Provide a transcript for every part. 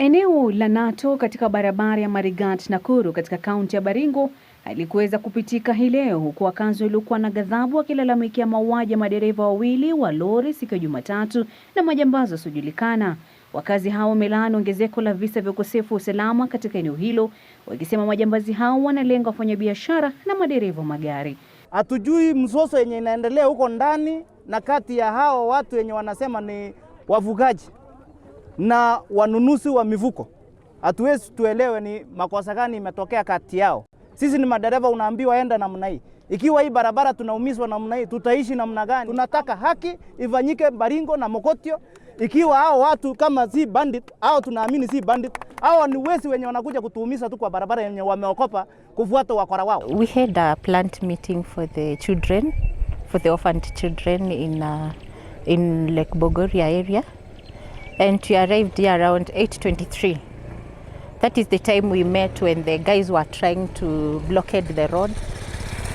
Eneo la Nato katika barabara ya Marigat Nakuru katika kaunti ya Baringo halikuweza kupitika hii leo, huku wakazi waliokuwa na ghadhabu wakilalamikia mauaji ya madereva wawili wa lori siku ya Jumatatu na majambazi wasiojulikana. Wakazi hao wamelaani ongezeko la visa vya ukosefu wa usalama katika eneo hilo, wakisema majambazi hao wanalenga wafanyabiashara na madereva magari. Hatujui mzozo yenye inaendelea huko ndani na kati ya hao watu wenye wanasema ni wavugaji na wanunuzi wa mivuko. Hatuwezi tuelewe ni makosa gani imetokea kati yao. Sisi ni madereva, unaambiwa enda namna hii. Ikiwa hii barabara tunaumizwa namna hii, tutaishi namna gani? Tunataka haki ifanyike Baringo na Mokotio. Ikiwa hao watu kama si bandit, au tunaamini si bandit, au ni wezi wenye wanakuja kutuumiza tu kwa barabara yenye wameokopa kufuata wakora wao. We had a plant meeting for the children, for the orphaned children in, uh, in Lake Bogoria area and we arrived here around 8.23. That is the time we met when the guys were trying to blockade the road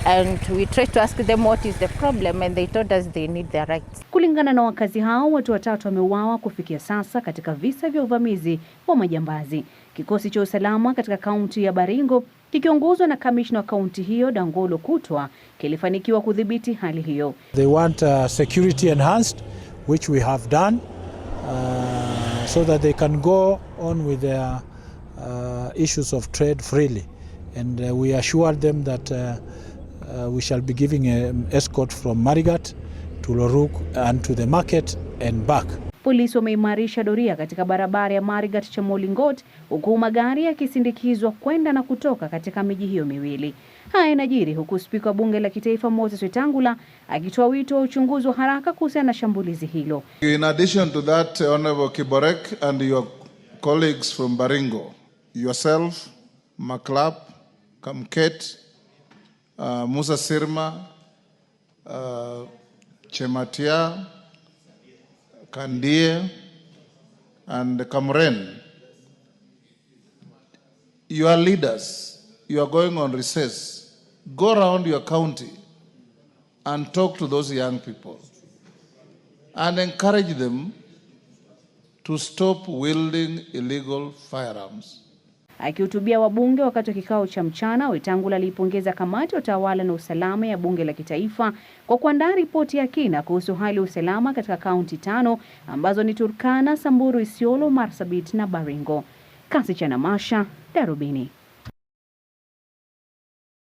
and we tried to ask them what is the problem and they told us they need their rights. Kulingana na wakazi hao, watu watatu wameuawa kufikia sasa katika visa vya uvamizi wa majambazi. Kikosi cha usalama katika kaunti ya Baringo kikiongozwa na kamishna wa kaunti hiyo Dangolo Kutwa kilifanikiwa kudhibiti hali hiyo. They want uh, security enhanced which we have done. Uh, so that they can go on with their uh, issues of trade freely and uh, we assured them that uh, uh, we shall be giving an um, escort from Marigat to Loruk and to the market and back. Polisi wameimarisha doria katika barabara ya Marigat Chemolingot, huku magari yakisindikizwa kwenda na kutoka katika miji hiyo miwili. Haya yanajiri huku spika wa bunge la kitaifa Moses Wetangula akitoa wito wa uchunguzi wa haraka kuhusiana na shambulizi hilo. In addition to that, Honorable Kiborek and your colleagues from Baringo, yourself, Maclap, Kamket, uh, Musa Sirma, uh, Chematia Kandia, and Kamren. You are leaders. You are going on recess. Go around your county and talk to those young people and encourage them to stop wielding illegal firearms Akihutubia wabunge wakati wa kikao cha mchana, Wetangula aliipongeza kamati ya utawala na usalama ya bunge la kitaifa kwa kuandaa ripoti ya kina kuhusu hali ya usalama katika kaunti tano ambazo ni Turkana, Samburu, Isiolo, Marsabit na Baringo. Kasi cha Namasha, Darubini.